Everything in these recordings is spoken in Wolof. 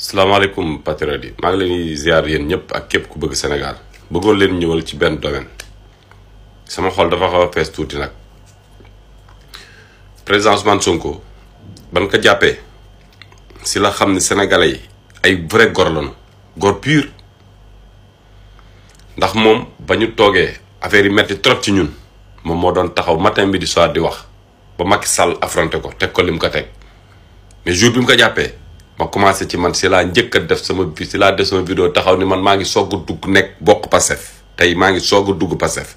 salaamaaleykum patriote yi maa ngi leen di ziar yéen ñëpp ak képp ku bëgg Sénégal bëggoon leen ñëwal ci benn domaine sama xol dafa xaw a fees tuuti nag président Ousmane Sonko ban ko jàppee si la xam ni sénégalais yi ay vrai gor lañu gor pur ndax moom ba ñu toogee affaire yi metti trop ci ñun moom moo doon taxaw matin midi soir di wax ba Macky Sall affronté ko teg ko li mu ko teg mais jour bi mu ko jàppee. ma commencé ci man si laa njëkk a def sama si laa def sama vidéo taxaw ni man maa ngi soog a dugg nekk bokk Pastef tey maa ngi soog a dugg Pastef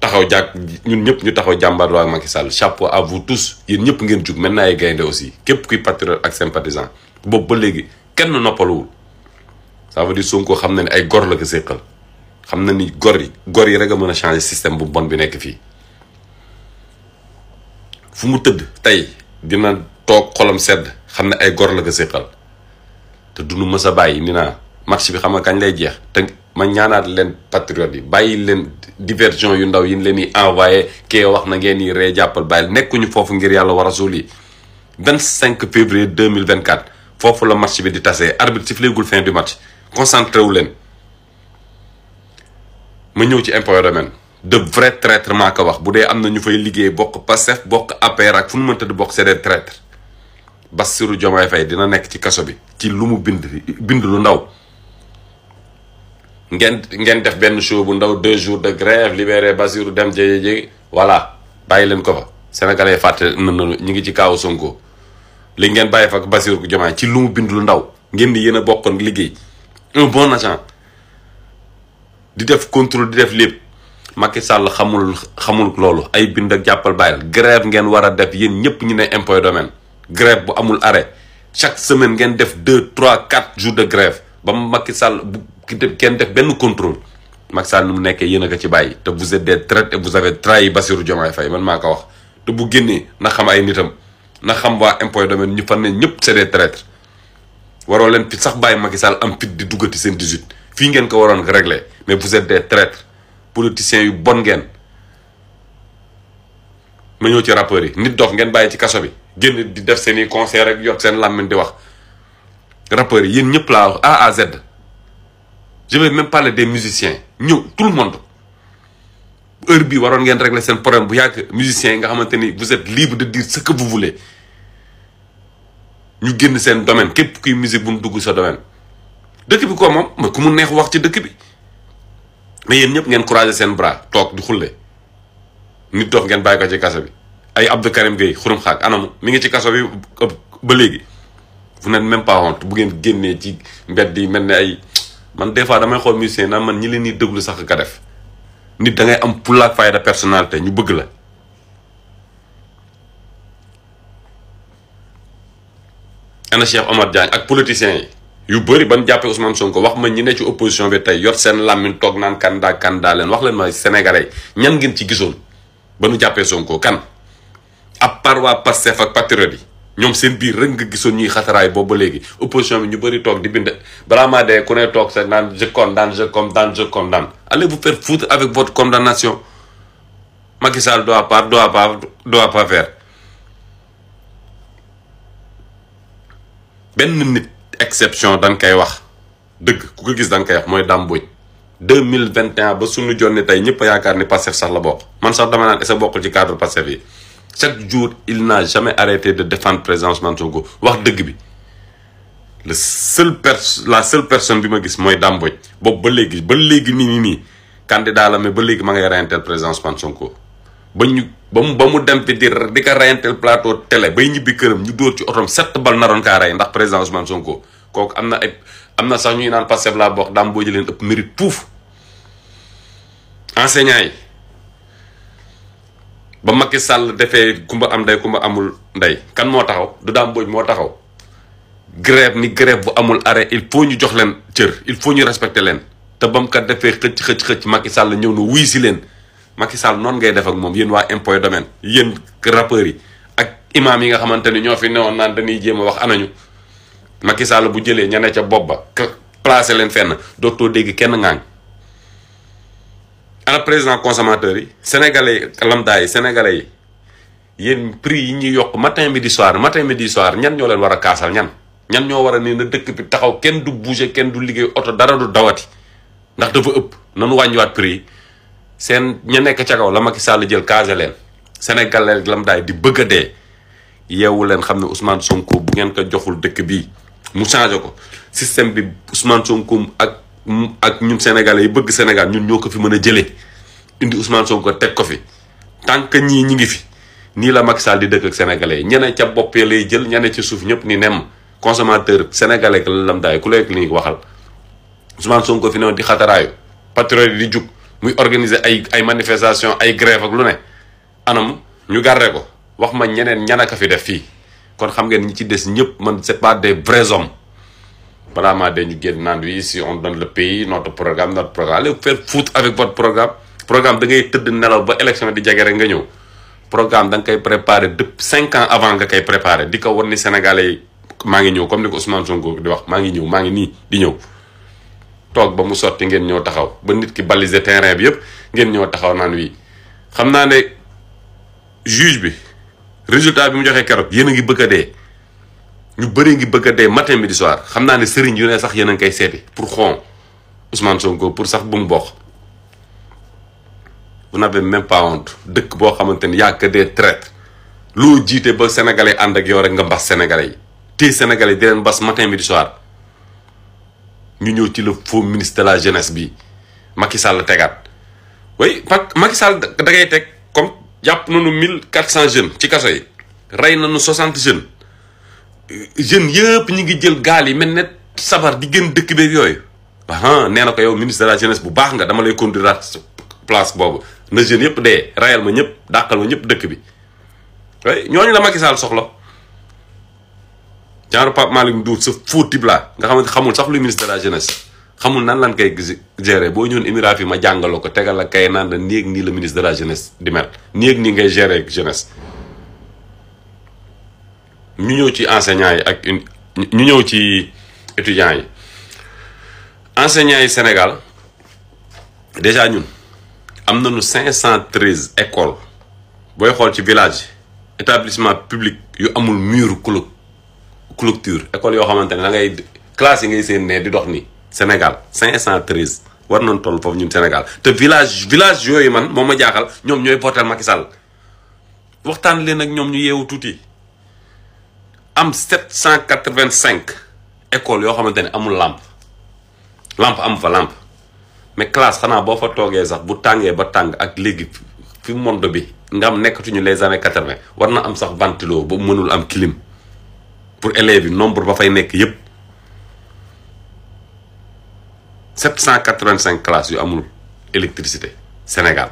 taxaw jàkk ñun ñëpp ñu taxaw jàmbaar waa Macky Sall chapeau à vous tous yéen ñëpp ngeen jug maintenant ay gaynde aussi képp kuy patriote ak sympathisant boobu ba léegi kenn noppaluwul ça veut dire Sonko xam na ne ay gor la ko séqal xam na ni gor yi gor yi rek a mën a changer système bu bon bi nekk fii fu mu tëdd tey dina toog xolam sedd xam ne ay gor la ko séqal te du nu mës a bàyyi ni naa match bi xam nga kañ lay jeex te ma ñaanaat leen patriote yi bàyyi leen diversion yu ndaw yi ñu leen di envoyé kee wax na ngeen ni ree jàppal bàyyil nekkuñu foofu ngir yàlla war a suul yi 25 février 2024 foofu la match bi di tasee arbitre siffleegul fin du match concentré wu leen ma ñëw ci impôt domaine de vrai traître maa ko wax bu dee am na ñu fay liggéey bokk Pastef bokk APR ak fu nu mënta di bokk c'est des Bassirou Diomaye Faye dina nekk ci kaso bi ci lu mu bind bind lu ndaw ngeen ngeen def benn show bu ndaw deux jours de grève libéré Bassirou dem jege jege voilà bàyyi leen ko fa sénégalais fàtte na ñu ngi ci kaaw Sonko li ngeen bàyyi fa Bassirou Diomaye ci lu mu bind lu ndaw ngeen di yéen a bokkoon liggéey un bon agent di def contrôle di def lépp Macky sàll xamul xamul loolu ay bind ak jàppal bàyyil grève ngeen war a def yéen ñëpp ñu ne impôt domaine grève bu amul are chaque semaine ngeen def deux trois quatre jour de grève ba Macky Sall bu kenn def benn contrôle Macky Sall nu mu nekkee yéen a ko ci bàyyi te vous êtes des traîtres et vous avez trahi Bassirou Diomaye man maa ko wax te bu génnee na xam ay nitam na xam waa impôt domaine ñu fan ne ñëpp c'est des traîtres waroo leen fi sax bàyyi Macky Sall am fit di duggati seen 18 fii ngeen ko waroon régler mais vous êtes des traîtres politiciens yu bon ngeen ma ci rappeurs yi nit dof ngeen bàyyi ci kaso bi génn di def seen i concert rek yokk seen làmmiñ di wax rapper yi yéen ñëpp laa wax A à Z je vais même parler des musiciens ñëw tout le monde heure bi waroon ngeen régler seen problème bu yàgg musiciens nga xamante ni vous êtes libre de dire ce que vous ñu génn seen domaine képp kuy musique bu mu dugg sa domaine dëkk bi ko moom mooy ku mu neex wax ci dëkk bi mais yéen ñëpp ngeen croiser seen bras toog di xulle nit dof ngeen bàyyi ko ci kaso bi ay Abdou Karim Gueye xurum xaak anam mi ngi ci kaso bi ba léegi vous n'êtes même pas bu ngeen génnee ci mbedd yi mel ne ay man des fois damay xool musicien naa man ñi leen di déglu sax ka nit da ngay am fulla ak fayda ñu bëgg la ana Cheikh Omar ak politiciens yi yu bëri ban jàppee Ousmane Sonko wax ma ñi ne ci opposition bi tey yor seen làmmiñ toog naan kandaa kandaa leen wax leen ma sénégalais ñan ngeen ci gisoon ba nu jàppee Sonko kan à part waa Pastef ak patriote yi ñoom seen biir rek nga gisoon ñuy xataraay boobu ba léegi opposition bi ñu bëri toog di bind balaa maa dee ku ne toog sax naan je condamne je condamne je condamne allez vous faire foutre avec votre condamnation Macky Sall doit pas doit pas doit pas faire benn nit exception dañ koy wax dëgg ku ko gis dañ koy wax mooy dàmbuj deux mille vingt et un ba suñu jonni tey ñëpp a yaakaar ni Pastef sax la bokk man sax dama naan est-ce que ci cadre Pastef yi chaque jour il n'a jamais arrêté de défendre président Ousmane Sonko wax dëgg bi le seul pers la seule personne bi ma gis mooy Dame Mbodj ba léegi ba léegi nii nii nii candidat la mais ba léegi ma ngay reyanteel président Ousmane Sonko ba ñu ba mu ba mu dem fi di di ko reyanteel plateau télé bay ñibbi këram ñu dóor ci otom sept bal naroon kaa rey ndax présence Ousmane Sonko kooku am na am na sax ñuy naan Pastef laa bokk Dame Mbodj leen ëpp mérite fuuf enseignant yi ba Macky sàll defee kumba am ndey kumba amul ndey kan moo taxaw du daam mbóoj moo taxaw grève ni grève bu amul arrêt il faut ñu jox leen cër il faut ñu respecter leen te ba defee xëcc xëcc xëcc Macky Sall ñëw na wuy si leen Macky Sall noonu ngay def ak moom yéen waa impôt domaine yéen rappeurs yi ak imaam yi nga xamante ni ñoo fi newoon naan dañuy jéem a wax anañu Macky sàll bu jëlee ña ne ca bopp ba placé leen fenn dootoo dégg kenn ŋaañ. ana président consommateur yi sénégalais lambda yi sénégalais yi yéen prix yi ñuy yokk matin midi soir matin midi soir ñan ñoo leen war a kaasal ñan ñan ñoo war a ne na dëkk bi taxaw kenn du bouger kenn du liggéey oto dara du dawati ndax dafa ëpp nanu wàññiwaat prix yi seen ña nekk ca kaw la Macky Sall jël casé leen sénégalais lambda yi di bëgg a dee yeewu leen xam ne Ousmane Sonko bu ngeen ko joxul dëkk bi mu changé ko système bi Ousmane Sonko ak ak ñun sénégale yi bëgg Sénégal ñun ñoo ko fi mën a jëlee indi Ousmane ko teg ko fi tant que ñii ñi ngi fi nii la mag Sall di dëkk ak sénégalais yi ñene ca bopp lay jël ñene ci suuf ñëpp ni nem consommateur sénégalais la lam daay ku lekk li ñuy waxal Ousmane fi ne di xataraayu patriote yi di jug muy organiser ay ay manifestation ay grève ak lu ne anam ñu garre ko wax ma ñeneen ñan a fi def fii kon xam ngeen ñi ci des ñëpp man c'est pas des vrais balaa maa dee ñu génn naan wi si on donne le pays notre programme notre programme allez faire foot avec votre programme programme da tëdd nelaw ba élection di jege rek nga ñëw programme danga nga koy préparé depuis cinq ans avant nga koy préparé di kaw wan ni sénégalais maa ngi ñëw comme ni ko Ousmane Sonko di wax maa ngi ñëw maa ngi nii di ñëw toog ba mu sotti ngeen ñëw taxaw ba nit ki baliser terrain bi yëpp ngeen ñëw taxaw naan wi xam naa ne juge bi résultat bi mu joxee keroog yéen a ngi bëgg a dee ñu bëri ngi bëgg dee matin midi xam naa ne sëriñ yu ne sax yéen a ngi koy seeti pour xon Ousmane Sonko pour sax bu mu bokk vous n'avez même pas dëkk boo xamante ni y'a que des traîtres loo jiite ba sénégalais ànd ak yow rek nga mbas sénégalais yi téye sénégalais di leen mbas matin midi soir ñu ñëw ci le faux ministre de la jeunesse bi Macky Sall tegaat oui Macky Sall da ngay teg comme jàpp nañu mille quatre cent jeunes ci kaso yi rey nañu soixante jeunes. jeunes yëpp ñu ngi jël gaal yi mel ne sabar di gën dëkk beeg yooyu ah nee na ko yow ministre de la jeunesse bu baax nga dama lay conduire place boobu na jeunes yëpp dee rayal ma ñëpp dàqal ma ñëpp dëkk bi way ñooñu la Macky soxla genre Pape Malick Ndour sa faux type la nga xamante xamul sax lu ministre de la jeunesse xamul nan lan koy gérer boo ñëwoon émirat yi ma jàngaloo ko tegal la kay naan la nii ak nii la ministre de la jeunesse di mel nii nii ngay gérer jeunesse ñu ñëw ci enseignants yi ak ñu ñëw ci étudiants yi enseignants yi Sénégal déjà ñun am na nañu cinq cent treize écoles booy xool ci village établissement public yu amul mur clo clôture école yoo xamante ne da ngay classe yi ngay seen ne di dox ni Sénégal cinq cent treize war nañ toll foofu ñun Sénégal te village village yooyu man moom ma jaaxal ñoom ñooy voter Macky Sall waxtaan leen ak ñoom ñu yeewu tuuti am sept cent quatre vingt cinq école yoo xamante ni amul làmp làmp am fa làmp mais classe xanaa boo fa toogee sax bu tàngee ba tàng ak léegi fi monde bi nga am nekkatuñu les années quatre vingt war na am sax ventilo ba mënul am kilim pour élèves yi nombre ba fay nekk yëpp sept cent quatre vingt cinq classes yu amul électricité Sénégal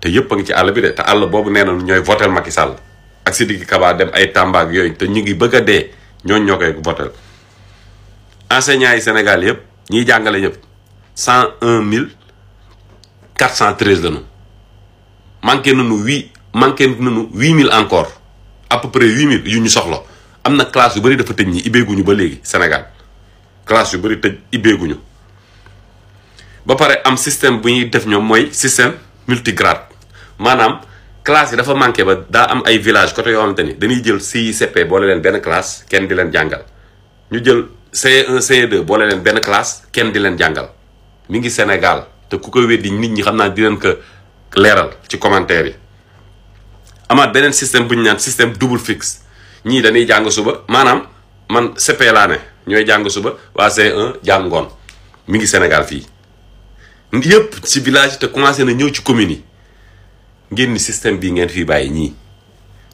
te yépp a ngi ci àll bi de te àll boobu nee na ñooy votel Macky Sall ak Sidiki Kaba dem ay tàmbaak yooyu te ñu ngi bëgg a dee ñooñu ñoo koy voté enseignants yi Sénégal yëpp ñiy jàngale ñëpp cent un mille quatre cent treize lañu manqué nañu huit manqué nañu huit mille encore à peu près huit mille yu ñu soxla am na classe yu bari dafa tëj ñi ibbeeguñu ba léegi senegal classe yu bëri tëj ibbeeguñu ba pare am système bu ñuy def ñoom mooy système multigrade maanaam. classe yi dafa manqué ba daa am ay village côté yoo xamante ni dañuy jël CICP boole leen benn classe kenn di leen jàngal ñu jël CE1 ce leen benn classe kenn di leen jàngal mi ngi Sénégal te ku ko weddi nit ñi xam naa di leen ko leeral ci commentaire yi amaat beneen système bu ñu naan système double fixe ñii dañuy jàng suba maanaam man CP laa ne ñooy jàng suba waa ce un jàngoon mi ngi Sénégal fii yëpp ci village te commencé na ñëw ci communes yi ngeen ni système bii ngeen fi bàyyi ñii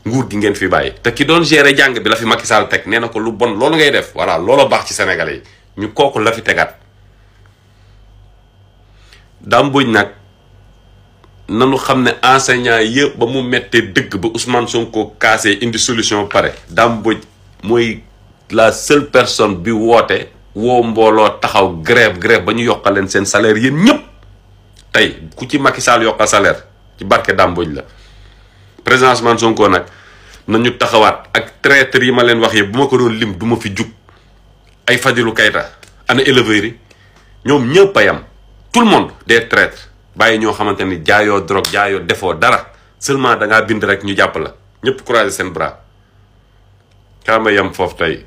nguur gi ngeen fi bàyyi te ki doon gérer jàng bi la fi Macky Sall teg nee na ko lu bon loolu ngay def voilà looloo baax ci Sénégalais yi ñu kooku la fi tegaat dambuñ nag na nanu xam ne enseignant yëpp ba mu mettee dëgg ba Ousmane Sonko kaasee indi solution pare dambuñ mooy la seule personne bi woote woo mbooloo taxaw grève grève ba ñu leen seen salaire yéen ñëpp tey ku ci Macky Sall yokkal salaire ci barke dàmbuj la président Ousmane Sonko nag nañu taxawaat ak traître yi ma leen wax yëpp bu ma ko doon lim du ma fi jug ay Fadilou Keita ana éleveurs yi ñoom ñëpp a yam tout le monde des traîtres bàyyi ñoo xamante ni jaayoo drogue jaayoo defoo dara seulement dangaa bind rek ñu jàpp la ñëpp croiser seen bras xaama yam foofu tey